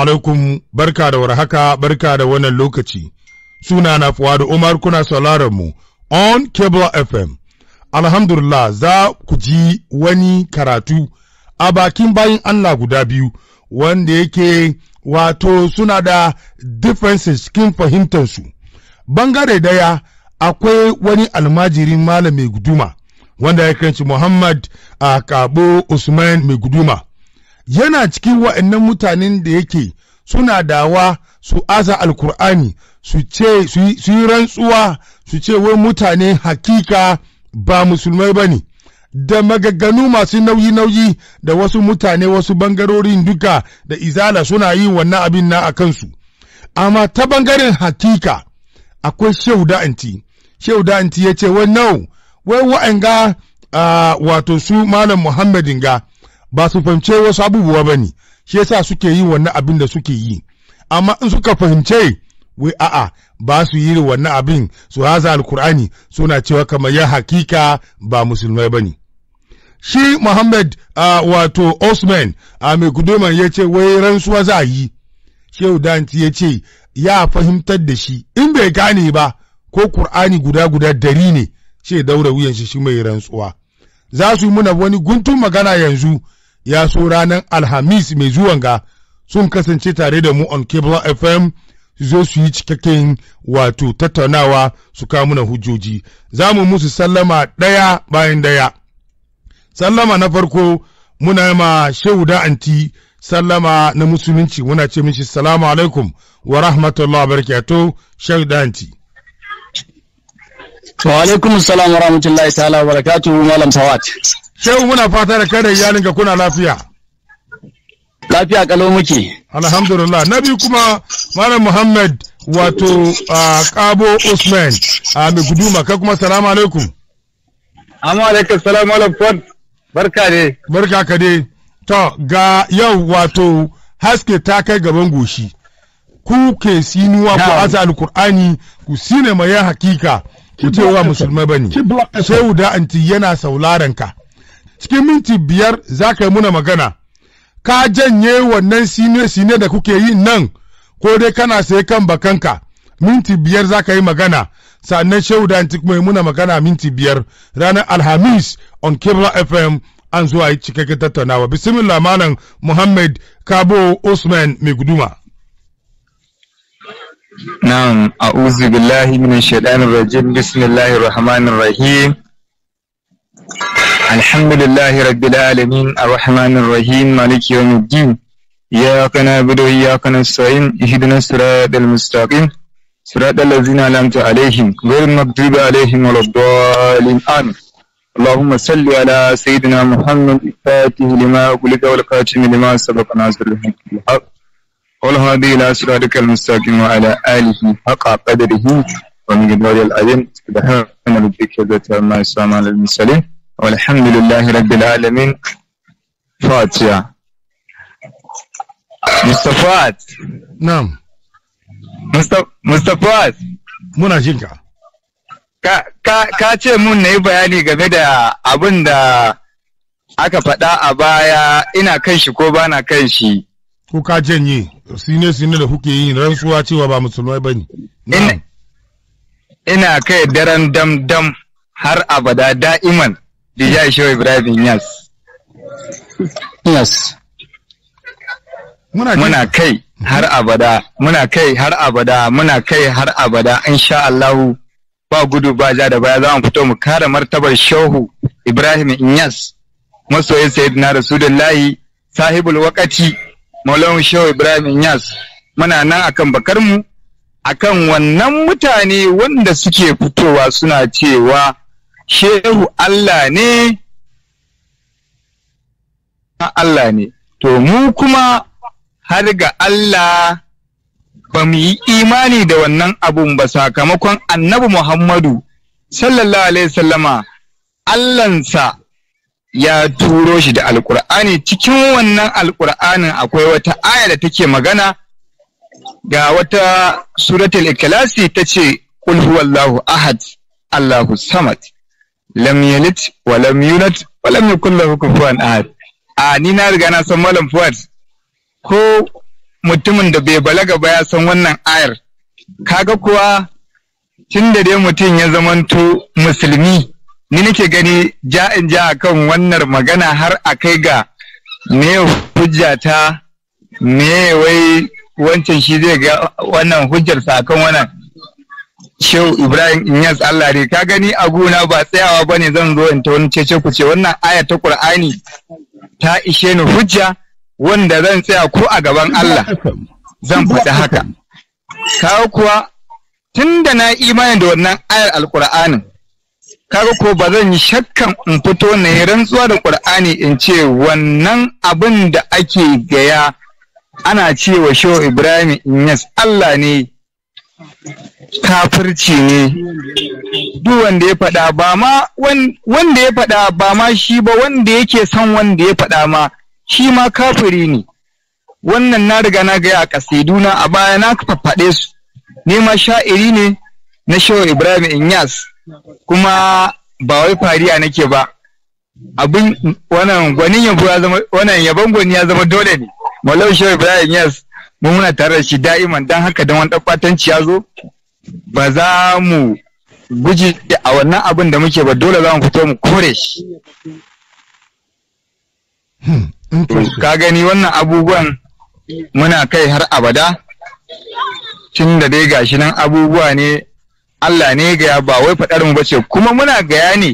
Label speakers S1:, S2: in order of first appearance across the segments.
S1: alaikum barka da warhaka barka da wannan lokaci suna na da Umar kuna sauraron mu on Cable FM alhamdulillah za ku ji wani karatu a bakin bayin Allah guda biyu wanda yake wato suna da differences cikin fahimtarsu bangare daya akwai wani almajirin malam mai guduma wanda ya kanci Muhammad a kabo Usman mai guduma yana cikin wa'annan mutanen da yake suna dawa su aza alkur'ani su yi rantsuwa su ce wai mutane hakika ba musulmai ba ne da magagganu masu nauyi-nauyi da wasu mutane wasu bangarorin duka da izala suna yi wannan abin na a kansu amma ta bangaren hakika akwai shehu da'anti shehu da'anti ya ce wai nau wai wa'anga ah, wato su malam muhammadin ga ba su fahimce wasu abubuwa ba ne shi yasa suke yi wannan abin da suke yi amma in suka fahimce wai a'a ba su yi wannan abin su haza alkur'ani suna cewa kamar ya hakika ba musulmai ba ne shi muhammad uh, wato osman a uh, mai guduman ya ce wai rantsuwa za a yi shehu danti ya ce ya fahimtar da shi in bai gane ba ko kur'ani guda guda dari ne ce daura wuyan shi shi mai rantsuwa za su yi muna wani guntun magana yanzu ya so ranar alhamis mai zuwan ga sun kasance tare da mu on cable fm su zo su yi cikakken wato tattaunawa su kamuna hujjoji za mu musu sallama ɗaya bayan ɗaya sallama na farko muna ma shehu da'anti sallama na musulunci muna ce mishi salamu alaikum wa rahmatullahi barakatuh shehu da'anti
S2: wa alaikum salam wa rahmatullahi ta'ala wa barakatuhu malam sawat Shehu muna fata da kare da iyalinka kuna lafiya. Lafiya kalau muke.
S1: Alhamdulillah. Na biyu kuma Malam Muhammad wato Kabo Usman a guduma kai kuma salamu alaikum. Amma alaikum salamu alaikum. Barka ne. Barka ka dai. To ga yau wato haske ta kai gaban goshi. Ku ke sinuwa ku aza alkur'ani ku sine ma ya hakika ku ce wa musulmai bane. Shehu da anti yana sauraron ka. cikin minti biyar za ka yi muna magana ka janye wannan sine-sine da kuke yi nan ko dai kana sai kan bakanka minti biyar za ka yi magana sannan shehu da mai muna magana minti biyar ranar alhamis on kibra fm an zuwa yi cikakken tattaunawa bismillah malam muhammad kabo usman mai
S3: guduma نعم أعوذ بالله من الشيطان الرجيم بسم الله الرحمن الرحيم الحمد لله رب العالمين الرحمن الرحيم مالك يوم الدين إياك نعبد وإياك نستعين اهدنا الصراط المستقيم صراط الذين أنعمت عليهم غير المغضوب عليهم ولا الضالين آمين اللهم صل على سيدنا محمد الفاتح لما أغلق والقاتم لما سبق ناصر الحق والهادي إلى صراطك المستقيم وعلى آله حق قدره ومن قدر العلم سبحان ربك ذات ما يسمى للمرسلين walhamdulillahi rabbil alamin fatiha mustafat na'am mustafat muna jin ka ka ce mun na yi bayani game da abin da aka faɗa a baya ina kan shi ko ba na kan shi ko ka janye sine sine da kuke yin rantsuwa cewa ba musulmai ba ne ina kai daren dam dam har abada da'iman Dija Show Ibrahim Yes. Yes. Muna, kai har abada, muna kai har abada, muna kai har abada, insha Allah ba gudu ba ja da baya za mu fito mu kare martabar shohu Ibrahim Inyas, masoyin Sayyidina Rasulullahi, sahibul wakati, Maulana shohu Ibrahim Inyas, muna nan akan bakar mu akan wannan mutane wanda suke fitowa suna cewa shehu Allah ne Allah ne to mu kuma har ga Allah ba mu yi imani da wannan abun ba sakamakon annabi Muhammadu sallallahu alaihi sallama Allahnsa ya turo shi da alkur'ani cikin wannan alkur'anin akwai wata aya da take magana ga wata suratul ikhlasi ta ce huwallahu ahad allahu samad lam yalit wa lam yulad wa lam yakul lahu kufuwan ahad a ni na riga na san malam fuad ko mutumin da bai balaga ba ya san wannan ayar kaga kuwa tun da dai mutum ya zamanto musulmi ni nake gani ja in ja akan wannan magana har a kai ga me hujja ta me wai wancan shi zai ga wannan sa akan wannan Shehu Ibrahim Inyas Allah dai ka gani a gona ba tsayawa ba ne zan zo in ta wani cece ku ce wannan aya ta Qur'ani ta ishe ni hujja wanda zan tsaya ko a gaban Allah zan faɗi haka. Kawo kuwa tun da na imanin da wannan ayar alƙur'anin kaga ko ba zan yi shakkan in fito na yi rantsuwa da ƙur'ani in ce wannan abin da ake gaya ana cewa Shehu Ibrahim Inyas Allah ne kafirci ne duk wanda ya faɗa ba ma wanda ya faɗa ba ma shi ba wanda yake son wanda ya faɗa ma shi ma kafiri ne wannan na riga na gaya a kasiduna a baya na faffaɗe su ne ma sha'iri ne na shawar ibrahim inyas kuma ba wai fariya nake ba abin wannan gwanin ya zama wannan yabon gwani ya zama dole ne malau shawar ibrahim inyas mu muna tare da shi da'iman don haka da wani ɗafatanci ya zo ba za mu guji a wannan abin da muke ba dole za mu fito mu kore shi hmm, ka gani wannan abubuwan muna kai har abada tun da dai gashi nan abubuwa ne Allah ne gaya ba wai faɗar mu bace kuma muna gaya ne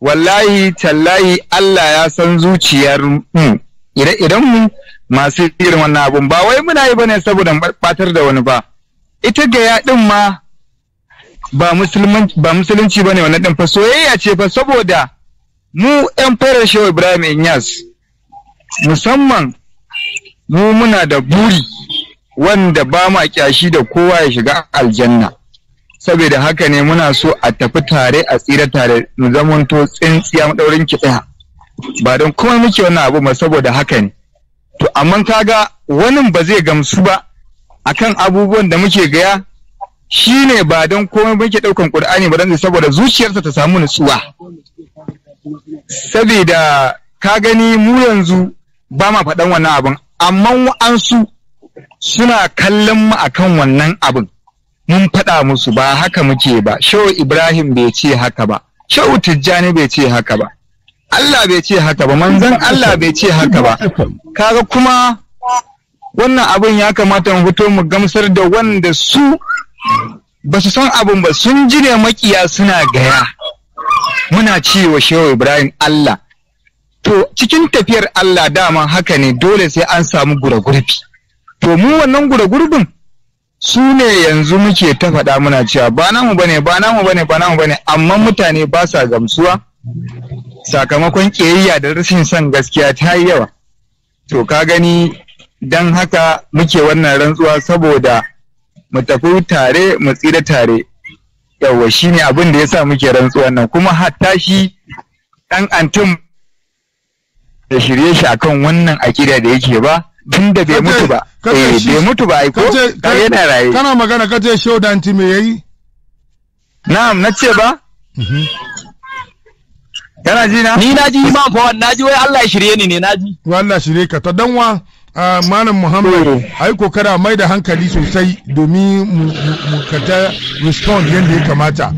S3: wallahi tallahi Allah ya san zuciyar mu ire-iren mu masu irin wannan abun ba wai muna yi bane saboda batar da wani ba ita gaya din ma ba musulunci ba musulunci bane wannan din fa soyayya ce fa saboda mu yan fara shehu Ibrahim Inyas musamman mu muna da buri wanda ba ma kyashi da kowa ya shiga aljanna saboda haka ne muna so a tafi tare a tsira tare mu zamanto tsintsiya madaurin ki ba don kuma muke wannan abu ma saboda haka ne to amma kaga wani ba zai gamsu ba akan abubuwan da muke gaya shine ba don komai muke ɗaukan ƙur'ani ba dan saboda zuciyarsa ta samu nutsuwa saboda ka gani mu yanzu ba ma faɗan wannan abin amma wa'ansu suna kallon mu akan wannan abin mun faɗa musu ba haka muke ba shehu ibrahim bai ce haka ba shehu tijjani bai ce haka ba Allah bai ce haka ba manzon Allah bai ce haka ba kaga kuma wannan abin ya kamata mu fito mu gamsar da wanda su ba su san abin ba sun ji ne makiya suna gaya muna cewa shehu Ibrahim Allah to cikin tafiyar Allah dama haka ne dole sai an samu gura gurbi to mu wannan gura gurbin su ne yanzu muke ta faɗa muna cewa ba namu bane ba namu bane ba namu bane amma mutane ba sa gamsuwa sakamakon ƙiyayya da rashin son gaskiya ta yi yawa to ka gani don haka muke wannan rantsuwa saboda mu tafi tare mu tsira tare yawa shi ne abin da ya sa muke rantsuwa nan kuma hatta shi ɗan antum da shirye shi akan wannan akida da yake ba tun da bai mutu ba eh bai mutu ba ko ka yana raye kana
S1: magana kace shaudanti me yayi na'am na ce ba mhm. Kana ji na? Ni na ji Imam Fawad, na ji wai Allah ya shirye ni ne na ji. To Allah shirye ka ta danwa Malam Muhammad ai kokara mai da hankali sosai domin mu ta respond yadda ya kamata.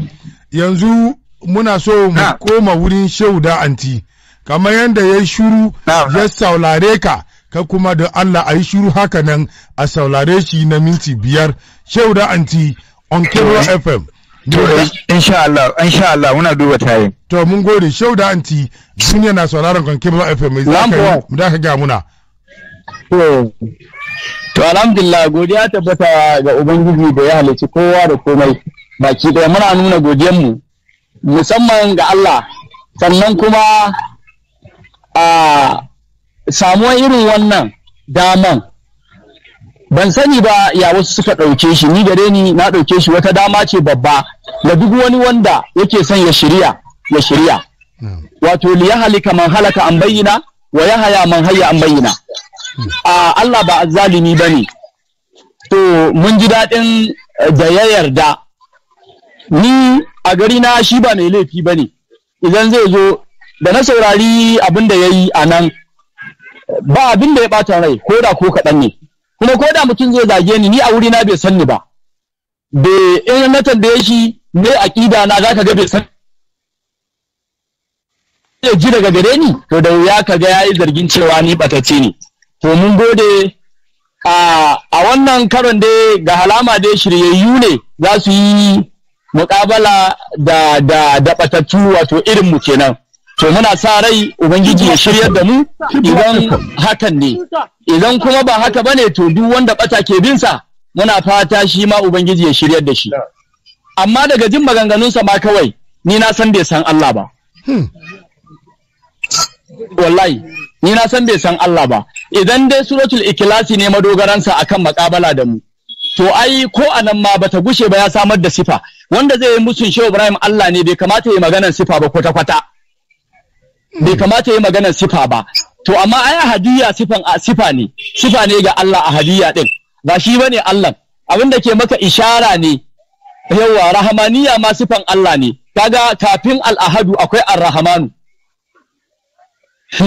S1: Yanzu muna so mu koma wurin shauda anti kamar yadda ya shuru ya saulare ka ka kuma da Allah a yi shuru haka nan a saulare shi na minti biyar shauda anti on Kero FM Eh, insha Allah insha Allah muna duba tayi. to mun gode shau da anti sun na sauraron kan kibla fm mai zaka mu
S2: da ka ga muna to to alhamdulillah godiya tabbata ga ubangiji da ya halici kowa da komai baki daya muna nuna godiyar mu musamman ga Allah sannan kuma a samuwar irin wannan daman ban sani ba ya wasu suka ɗauke shi ni gare ni na ɗauke shi wata dama ce babba ga duk wani wanda yake son ya shirya ya shirya hmm. wato liya halika man halaka an bayyana wa ya haya man haya an bayyana hmm. a Allah ba azzalimi ba ne to mun ji daɗin eh, da ya yarda ni a gari na shi ba mai laifi ba ne idan zai zo da na saurari abin da ya yi a nan ba abinda ya ɓata rai ko da ko kaɗan ne kuma ko da mutum zai zage ni ni a wuri na bai san ni ba Be in na tambaye shi me aqida na zaka ga bai san ya ji daga gare ni to da ya kaga ga yayi zargin cewa ni batacce ne to mun gode a wannan karon dai ga halama dai shiryayyu ne za su yi muƙabala da da da batattu wato irin mu kenan to muna sa rai ubangiji ya shiryar da mu idan hakan ne idan kuma ba haka bane to duk wanda bata ke bin sa muna fata shi ma ubangiji ya shiryar da shi amma daga jin maganganunsa ma kawai ni na san bai san Allah ba wallahi ni na san bai san Allah ba idan dai suratul ikhlasi ne madogaransa akan makabala da mu to ai ko anan ma bata gushe ba ya samar da sifa wanda zai yi musun shehu Ibrahim Allah ne bai kamata ya maganar sifa ba kwata kwata bai kamata yi maganar sifa ba to amma ai ahadiyya sifan sifa ne sifa ne ga Allah a hadiyya ɗin. ba shi ne Allah abin da ke maka ishara ne yawa rahamaniya ma sifan Allah ne kaga kafin al'ahadu akwai ar-rahmanu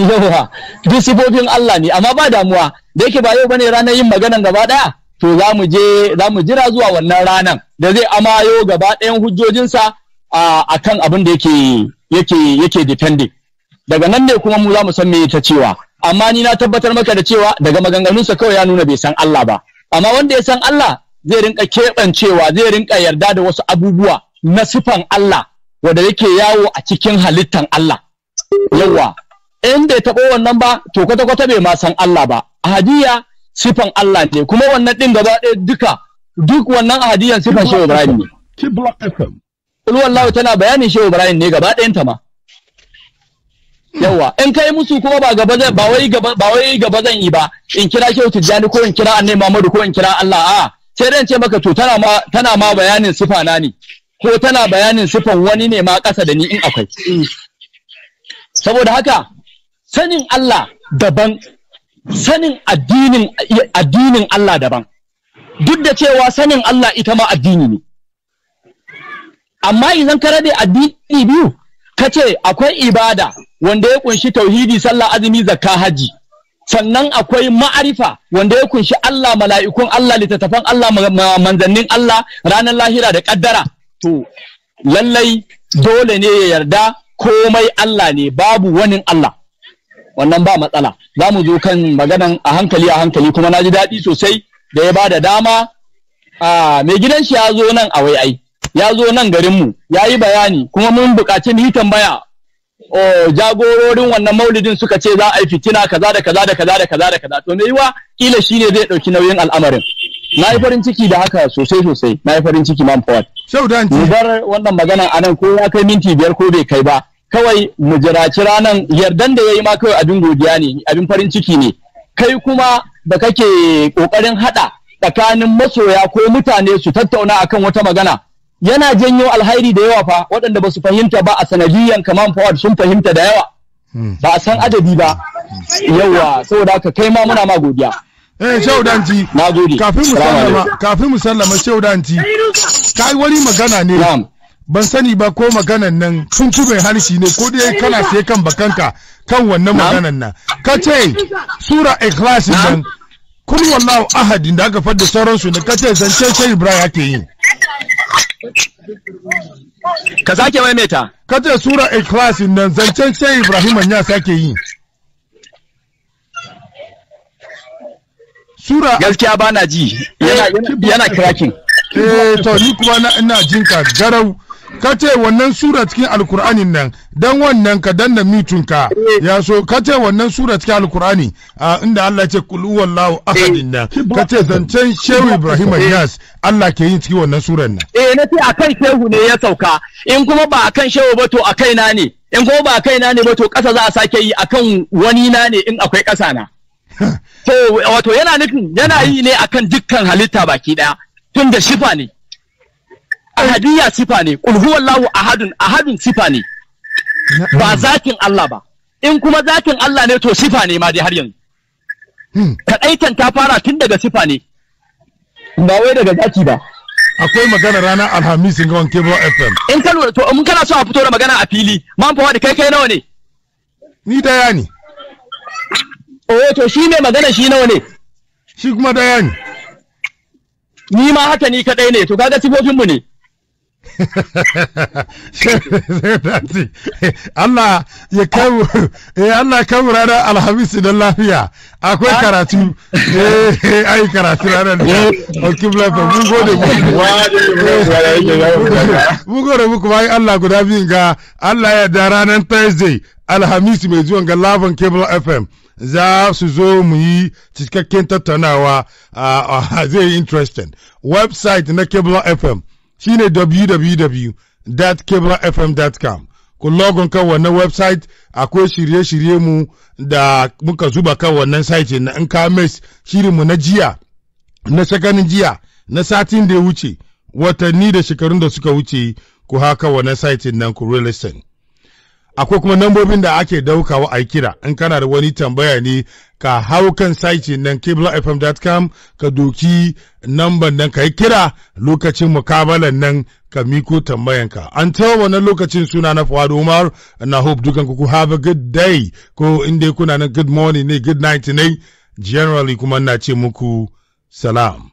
S2: duk sifofin Allah ne amma ba damuwa da yake ba yau bane ranar yin maganan gaba ɗaya? to za mu je za mu jira zuwa wannan ranar. da zai amayo gaba ɗayan hujjojinsa a kan abin da yake yake yake daga nan ne kuma mu za mu san me ta cewa amma ni na tabbatar maka da cewa daga maganganunsa kawai ya nuna bai san Allah ba amma wanda ya san Allah zai rinka keɓancewa zai rinka yarda da wasu abubuwa na sifan Allah wanda yake yawo a cikin halittan Allah yawa in bai taɓo wannan ba to kwata-kwata bai ma san Allah ba hadiya sifan Allah ne kuma wannan ɗin gaba ɗaya duka duk wannan hadiyan sifan Shehu Ibrahim ne. Kibla FM. tana bayanin Shehu Ibrahim ne gaba ta ma. yawa in kai musu kuma ba gaba zan ba wai gaba ba wai gaba zan yi ba in kira Shehu Tijjani ko in kira Annabi Muhammadu ko in kira Allah a sai dan ce maka to tana ma tana ma bayanin sifa na ne ko tana bayanin sifan wani ne ma ƙasa da ni in akwai saboda haka sanin Allah daban sanin addinin addinin Allah daban duk da cewa sanin Allah ita ma addini ne amma idan ka rabe addini biyu ka ce akwai ibada wanda ya kunshi tauhidi sallah azumi zakka haji sannan akwai ma'arifa wanda ya kunshi Allah mala'ikun Allah littattafan Allah manzannin Allah ranar lahira da kaddara to lallai dole ne ya yarda komai Allah ne babu wani Allah wannan ba matsala za mu zo kan maganan a hankali a hankali kuma na ji daɗi sosai da ya ba da dama a mai gidan shi ya zo nan a wai ai ya zo nan garinmu ya yi bayani kuma mun buƙaci mu yi tambaya jagororin wannan maulidin suka ce za a yi fitina kaza da kaza da kaza da kaza da kaza to me yiwa kila shine zai dauki nauyin al'amarin na yi farin ciki da haka sosai sosai na yi farin ciki man fawad mu bar wannan maganan anan ko ya kai minti biyar ko bai kai ba kawai mu jiraci ranan yardan da yayi ma kawai abin godiya ne abin farin ciki ne kai kuma da kake kokarin hada tsakanin masoya ko mutane su tattauna akan wata magana yana janyo alhairi da yawa fa waɗanda ba su fahimta ba a sanadiyan kaman forward sun fahimta da yawa hmm. ba a san adadi ba
S1: hmm. yawa
S2: saboda haka kai ma muna ma godiya eh shaudanci kafin
S1: mu sallama kafin mu sallama shaudanci kai wani magana ne ban sani ba ko maganan nan tuntuɓe harshe ne ko dai kana sai kan bakanka kan wannan maganan nan ka ce sura ikhlas nan kun wallahu ahadin da aka fadda sauransu ne ka ce zance sai ibrahim yake yi Ka sake maimaita. Ka ce Sura Ikhlas nan zancen sai Ibrahim ya sake yi. Sura Gaskiya ba na ji. Yana kirakin. Eh to ni kuma ina jinka garau. ka ce wannan sura cikin alkur'anin nan dan wannan ka danna mitunka eh. ya so ka ce wannan sura cikin alkur'ani inda Allah ce kul huwallahu ahadin eh. nan ka ce zancen eh. shehu ibrahim yas Allah ke yin cikin wannan suran nan
S2: eh na ce akan shehu ne ya sauka in kuma ba akan shehu ba to akai na ne in kuma ba akai na ne ba to kasa za a sake yi akan wani na ne in akwai kasa na to wato yana nufin yana yi ne akan dukkan halitta baki daya tun da shifa ne ahadiyya sifa ne qul huwallahu ahadun ahadun sifa ne ba hmm. zakin Allah ba in kuma zakin Allah ne to sifa ne ma dai har yanzu hmm. kadaitan ta fara tun daga sifa ne ba wai daga zaki ba akwai magana ranar alhamis in gawan kebro fm in ka lura to mun kana so a fito da magana a fili man fa da kai kai nawa ne ni daya ne oh to shi ne magana shi nawa ne shi kuma daya ne ni ma haka ni kadai ne to kaga sifofin mu ne
S1: Allah ya kawo eh Allah kawo ranar alhamisu don lafiya akwai karatu eh ai karatu ranar da alkibla fa mun gode mu mun gode muku bai Allah guda biyun ga Allah ya da ranar Thursday alhamisu mai zuwan ga Laban Cable FM za su zo mu yi cikakken tattaunawa a ah, ah, zai yi interesting website na Cable FM shine www.kebrafm.com ku logon kan wannan website akwai shirye-shirye mu da muka zuba kan wannan site na in ka shirin shirinmu na jiya na shaganin jiya na satin da ya wuce watanni da shekarun da suka wuce ku haka wannan site nan ku listen akwai kuma nambobin da ake daukawa a kira in kana da wani tambaya ne ka hau kan site nan kiblafm.com ka doki number nan ka yi kira lokacin mukabalan nan ka miko tambayanka an ta wannan lokacin suna na Fuad Umar na hope dukan ku have a good day ko inda kuna na good morning ne good night ne generally kuma na ce muku salam